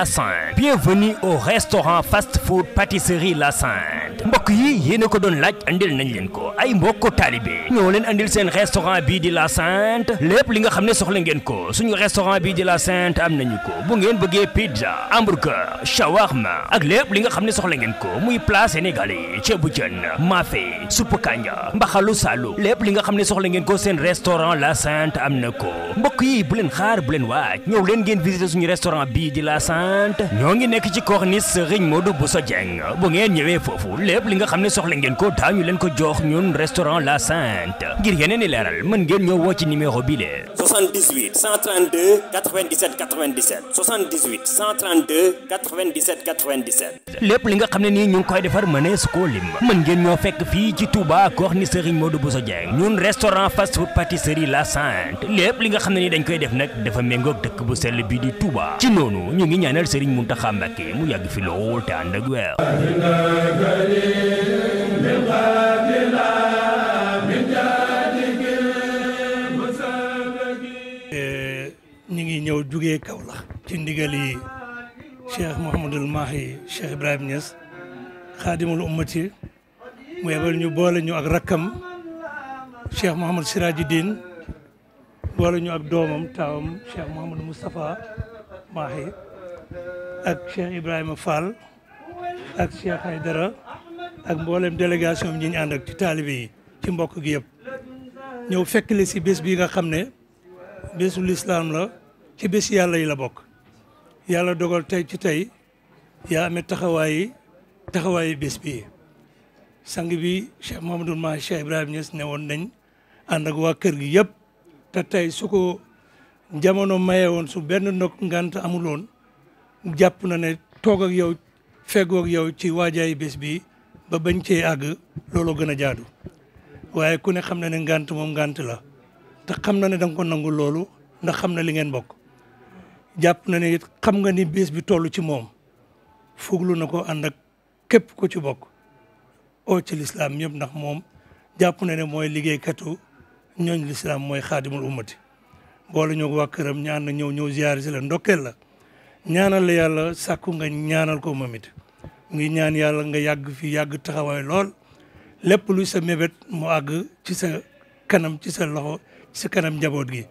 Lassin. Bienvenue au restaurant fast-food pâtisserie Lassin. 50 mbokk yi yéen a ko doon laaj andil nañ leen ko ay mbokk taalibe ñoo leen andil seen restaurant bii di la Sainte lépp li nga xam ne soxla ko suñu restaurant bii di la Sainte am nañu ko bu ngeen bëggee pizza hamburger shawarma ak lépp li nga xam ne soxla ngeen ko muy plat sénégalais ceebu jën mafé supp kanja mbaxalu salu lépp li nga xam ne soxla ko seen restaurant la Sainte am na ko mbokk yi bu leen xaar bu leen waaj ñëw leen ngeen visiter suñu restaurant bii lépp li nga xam ne soxla ngeen ko daañu leen ko jox ñun restaurant La Sainte ngir yeneen i leeral mën ngeen ñoo woo ci numéro bi lee 78 132 97 97 78 132 97 lépp li nga xam ne nii ñu ngi koy defar mënees koo lim mën ngeen ñoo fekk fii ci Touba Gorni Serigne Modou Bousso Dieng ñun restaurant fast food pâtisserie La Sainte lépp li nga xam ne nii dañ koy def nag dafa méngoog dëkk bu sell bi di Touba ci noonu ñu ngi ñaanal Serigne Mountakha Mbacké mu yàgg fi lool te ànd ak weer Eh, ñu ngi ñëw jugee Kaolack ci ndigal yi Cheikh Mouhamadul Mahi Cheikh Ibrahim Niass xaadimul ummati mu yebal ñu boole ñu ak rakkam Cheikh Mouhamad Sirajuddin boole ñu ak doomam taawam Cheikh Mouhamad Moustapha Mahi ak Cheikh Ibrahima Fall ak Cheikh Haydara ak mboolem délégation bi ñu ànd ak ci taalibe yi ci mbokk gi yëpp ñëw fekk li si bés bi nga xam ne bésu lislaam la ci bés yàlla yi la bokk yàlla dogal tey ci tey yaa amee taxawaayi taxawaayi bés bi sang bi Cheikh Mamadou Mahi Cheikh Ibrahima Niass ne woon nañ ànd ak waa kër gi yëpp te tey su ko jamono maye woon su benn ndog ngant amuloon jàpp na ne toog ak yow feggoo ak ci waajaay bés bi ba bañ cee àgg loolu gën a jaadu waaye ku ne xam na ne ngànt moom ngànt la te xam na ne danga ko nangu loolu ndax xam na li ngeen bokk jàpp na ne it xam nga ni biis bi toll ci moom fuglu na ko ànd ak képp ku ci bokk oo ci lislaam ñëpp ndax moom jàpp na ne mooy liggéey liggéeykatu ñooñ lislaam mooy xaadimul ummati boole ñoo waa këram ñaan na ñëw ñëw ziyaar si la ndokkeel la ñaanal la yàlla sàkku nga ñaanal ko moom mu ngi ñaan yàlla nga yàgg fi yàgg taxawaay lool lépp luy sa mébét mu àgg ci sa kanam ci sa loxo ci sa kanam njaboot gi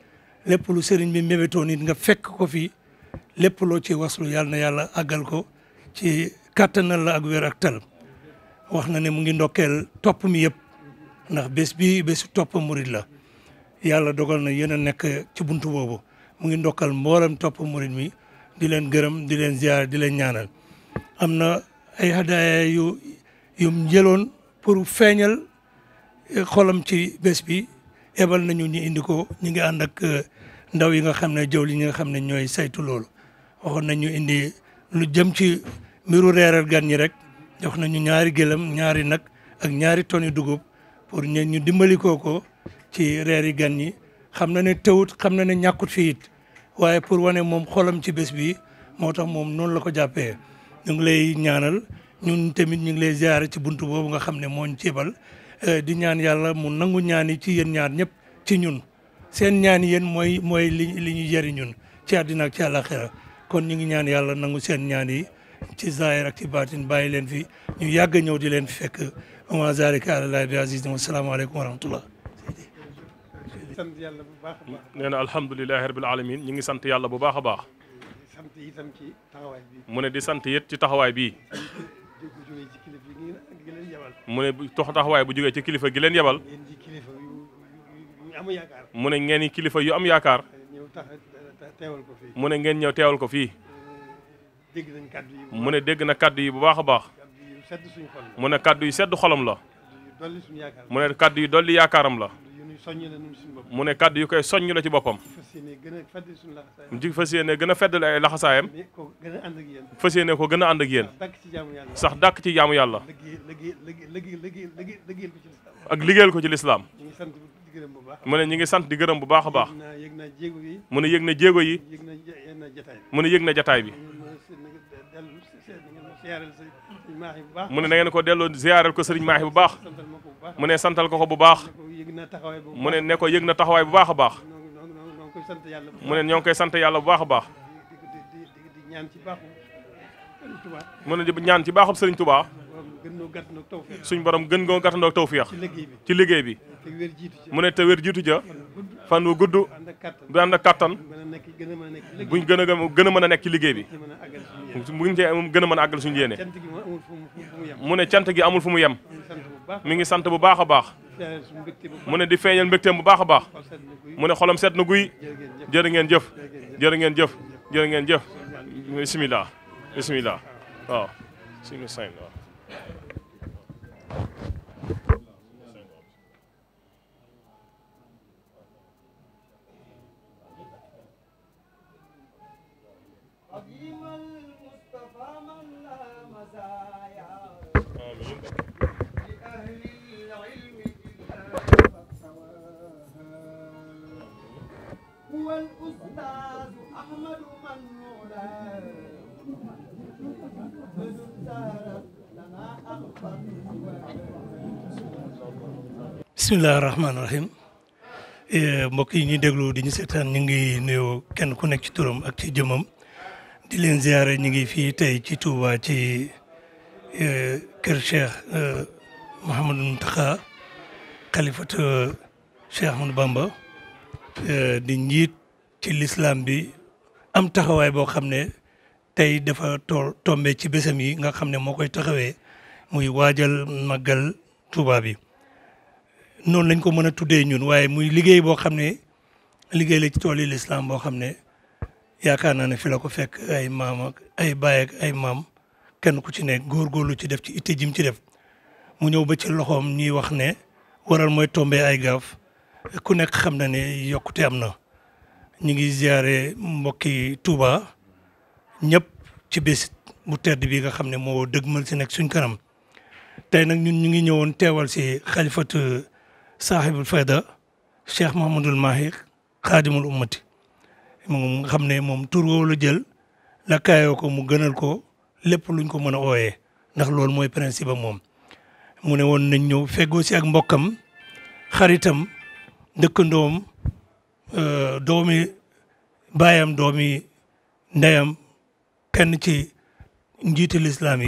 lépp lu sëriñ bi mébétoo nit nga fekk ko fi lépp loo ci waslu yàlla na yàlla àggal ko ci kàttanal la ak wér ak tal wax na ne mu ngi ndokkeel topp mi yëpp ndax bés bi bésu topp murit la yàlla dogal na yéen a nekk ci buntu boobu mu ngi ndokkal mbooram topp murit mi di leen gërëm di leen ziar di leen ñaanal ay hadaaya yu yum jëloon pour feeñal eh, xolam ci bés bi ebal nañu ñu indi ko ñu nga ànd ak eh, ndaw yi nga xam ne jaww li ñi nga xam ne ñooy saytu loolu waxoon nañ ñu indi lu jëm ci mbiru reeral gan ñi rek jox nañu ñaari gëlëm ñaari nag ak ñaari toni dugub pour ñu ñu dimbali ko ko ci reer yi gan ñi xam na ne tëwut xam na ne ñàkkut fi it waaye pour wane moom xolam ci bés bi moo tax moom noonu la ko jàppee. ñu ngi lay ñaanal ñun tamit ñu ngi lay ziare ci buntu boobu nga xam ne moo ñu ceebal eh, di ñaan yàlla mu nangu ñaan yi ci yéen ñaan ñëpp ci ñun seen ñaan yéen mooy mooy li li ñuy jëriñ ñun ci àddina ci àllaxira kon ñu ngi ñaan yàlla nangu seen ñaan yi ci zaahir ci baatin bàyyi leen fi ñu yàgg ñëw di leen fi fekk wa zalika àlalahi bi aziz wa salaamaaleykum wa rahmatullah nee na alhamdulilahi rabil ñu ngi sant yàlla bu baax a baax sant itam ci taxawaay bi. mu ne di sant it ci taxawaay bii. mu ne tox taxawaay bu jógee ci kilifa gi leen yebal. mu ne ngeen kilifa yu am yaakaar. mu ne ngeen ñëw teewal ko fii. mu ne dégg na kàddu yi bu baax a baax. mu ne kàddu yu sedd xolam la. mu ne kàddu yu dolli yaakaaram la. mu ne kàddu yu koy soññ la ci boppam mu ji fas yéene gën a feddal ay laxasaayam fas yéene ko gën a ànd ak yéen sax dàkk ci jaamu yàlla ak liggéeyal ko ci lislaam mu ne ñu ngi sant di gërëm bu baax a baax mu ne yëg na jéego yi mu ne yëg na jataay bi mu ne na ngeen ko delloo ziyaareel ko sëriñ Maahi bu baax mu ne santal ko ko bu baax mu ne ne ko yëg na taxawaay bu baax a baax mu ne ñoo ngi koy sant yàlla bu baax a baax mu ne ñaan ci baaxub sëriñ Tuubaa suñ borom gën goo gàttandoog tawfeex ci liggéey bi mu ne te wér jiitu ja fan wu gudd du ànd a kattan buñ gën a gën a mën a nekk ci liggéey bi buñ cee gën a mën a àggal suñu yéene mu ne cant gi amul fu mu yem mi ngi sant bu baax a baax mu ne di feeñal mbégteem bu baax a baax mu ne xolam set na guy jër ngeen jëf jër ngeen jëf jërë ngeen jëf bisimilah bisimilah bisimilah rahmaani rahim eh, mbokk yi ñuy déglu di ñu seetaan ñu ngi nuyu kenn ku nekk ci turam ak ci jëmmam di leen ziare ñu ngi fii tey ci Touba ci eh, kër Cheikh eh, Mouhamadou Mountakha xalifatu Cheikh Ahmadou Bamba di njiit ci lislaam bi am taxawaay boo xam ne tey dafa tool ci bésam yi nga xam ne moo koy taxawee. muy waajal màggal Tuuba bi noonu lañ ko mën a tuddee ñun waaye muy liggéey boo xam ne liggéey la ci tool yi lislaam boo xam ne yaakaar naa ne fi la ko fekk ay maam ay baay ay maam kenn ku ci ne góorgóorlu ci def ci itte jim ci def mu ñëw ba ci loxoom ñuy wax ne waral mooy tombé ay gaaf ku nekk xam na ne yokkute am na ñu ngi ziare mbokki tuuba ñëpp ci bés bu di bi nga xam ne moo dëgmal si nekk suñ kanam tey nag ñun ñu ngi ñëwoon teewal si xalifatu saaxibul fayda cheikh Mahamadul Mahi xaadimul ummati moom nga xam ne moom tur woowu la jël la kaayoo ko mu gënal ko lépp luñ ko mën a ooyee ndax loolu mooy principe moom. mu ne woon nañ ñëw feggoo si ak mbokkam xaritam dëkkandoom euh, doomi baayam doomi ndeyam kenn ci njiitu lislaam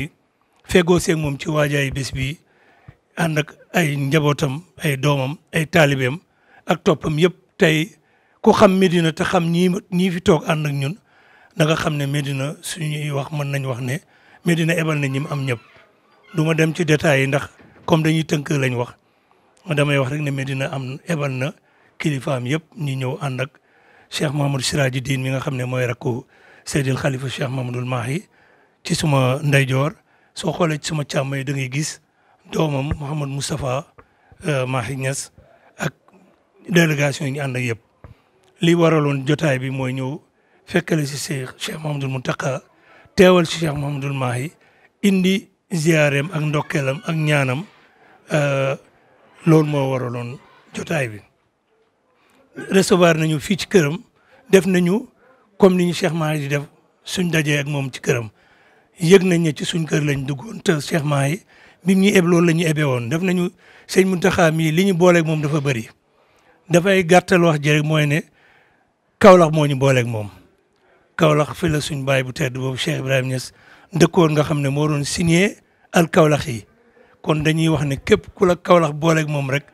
fegoo seeg moom ci waajaay bés bi ànd ak ay njabootam ay doomam ay taalibem ak toppam yëpp tey ku xam Medina ta xam ñii ñii fi toog ànd ak ñun na xam ne Medina suñuy wax mën nañ wax ne Medina ebal na ñi mu am ñëpp du ma dem ci détails yi ndax comme dañuy tënk lañ wax damay wax rek ne Medina am ebal na kilifaam yëpp ñi ñëw ànd ak Cheikh Mahamadou Siraji Diin mi nga xam ne mooy rakku Seydil Khalifa Cheikh Mahamadul Mahi ci suma ndeyjoor soo xoolee ci sama càmmooñ da ngay gis doomam Mouhamed Moustapha euh, Mahi Niass ak délégation yi ñu ànd yëpp. li waraloon jotaay bi mooy ñëw fekkale si Cheikh Cheikh Mouhamadul Mountakha teewal si Cheikh Mouhamadul Mahi indi ziareem ak ndokkeelam ak ñaanam euh, loolu moo waraloon jotaay bi. resevoir nañu fii ci këram def nañu comme niñu ñu Cheikh Mahi di def suñ dajee ak moom ci këram. yëg nañ ne ci suñ kër lañ duggoon te Cheikh maa yi bim ñu eb la ñu ebe woon def nañu sëñ Mountakha mii li ñu booleeg moom dafa bëri dafay gàttal wax ji mooy ne kawlax moo ñu booleek moom. kawlax fi la suñ baay bu tedd boobu Cheikh Ibrahima Niass dëkkoon nga xam ne moo doon signé al Kaolack yi kon dañuy wax ne képp ku kawlax booleek moom rek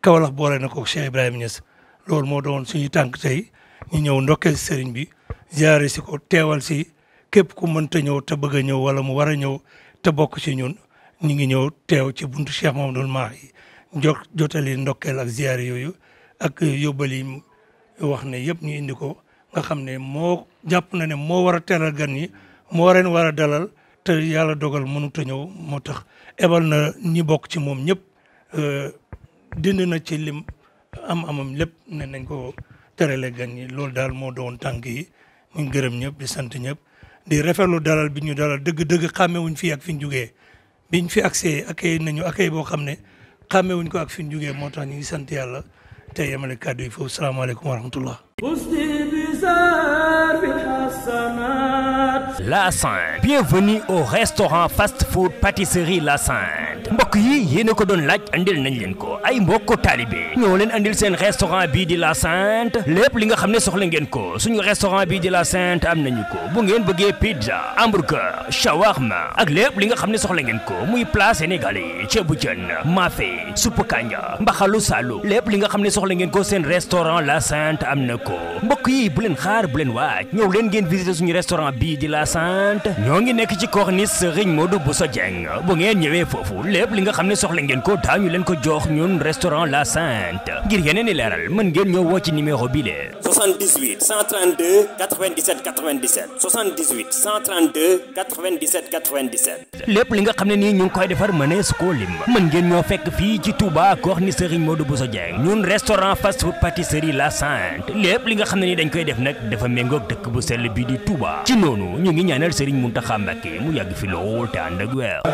Kaolack boole na ko Cheikh Ibrahima Niass loolu moo doon suñu tànk tey ñu ñëw ndokkeel sëriñ bi ziare si teewal si. képp ku mënta ñëw te bëgg a ñëw wala mu war a ñëw te bokk ci ñun ñu ngi ñëw teew ci buntu Cheikh Mamadou Mahi jot jotali ndokkel ak ziyaar yooyu ak yóbbal yi wax na yëpp ñu indi ko nga xam ne moo jàpp na ne moo war a teral gan yi moo ren war a dalal te yàlla dogal mënut ñëw moo tax ebal na ñi bokk ci moom ñëpp euh, dind na ci lim am amam lépp ne nañ ko terale gan ñi loolu daal moo doon tànk yi ñu gërëm ñëpp di sant ñëpp di rafetlu dalal bi ñu dalal dëgg-dëgg xàmmewuñ fii ak bi ñu fi biñ see ak accueil nañu accueil boo xam ne xàmmewuñ ko ak fi ñu jugee moo tax ñu ngi sant yàlla tey yemale kàddu yi foofu salaamaaleykum wa rahmatullah La bien Bienvenue au restaurant fast food pâtisserie La Sainte. mbokk yi yéena ko doon laaj andil nañ leen ko ay mbokko taalibe ñoo leen andil seen restaurant bii di la Sainte lépp li nga xam ne soxla ko suñu restaurant bii di la Sainte am nañu ko bu ngeen bëggee pizza hamburger shawarma ak lépp li nga xam ne soxla ko muy plat sénégalais ceebu jën mafé supp kanja mbaxalu salu lépp li nga xam ne soxla ko seen restaurant la Sainte am na ko mbokk bu leen xaar bu leen waaj ñëw leen ngeen visiter suñu restaurant bii di la Sainte ñoo ngi nekk ci corniche Serigne Kounoune restaurant La ngir yeneen i leeral ngeen ñoo woo ci numéro bi le 78 132 97 97 78 132 lépp li nga xam ne ni ñu ngi koy defar mënees ko lim mën ngeen ñoo fekk fii ci Touba Corniche Serigne Modou Bousso Dieng ñun restaurant fast food pâtisserie La Sainte lépp li nga xam ne ni dañ koy def nag dafa méngoog dëkk bu sell bi di Touba ci noonu ñu ngi ñaanal Serigne Mountakha Mbacké mu yàgg fi lool te ànd ak weer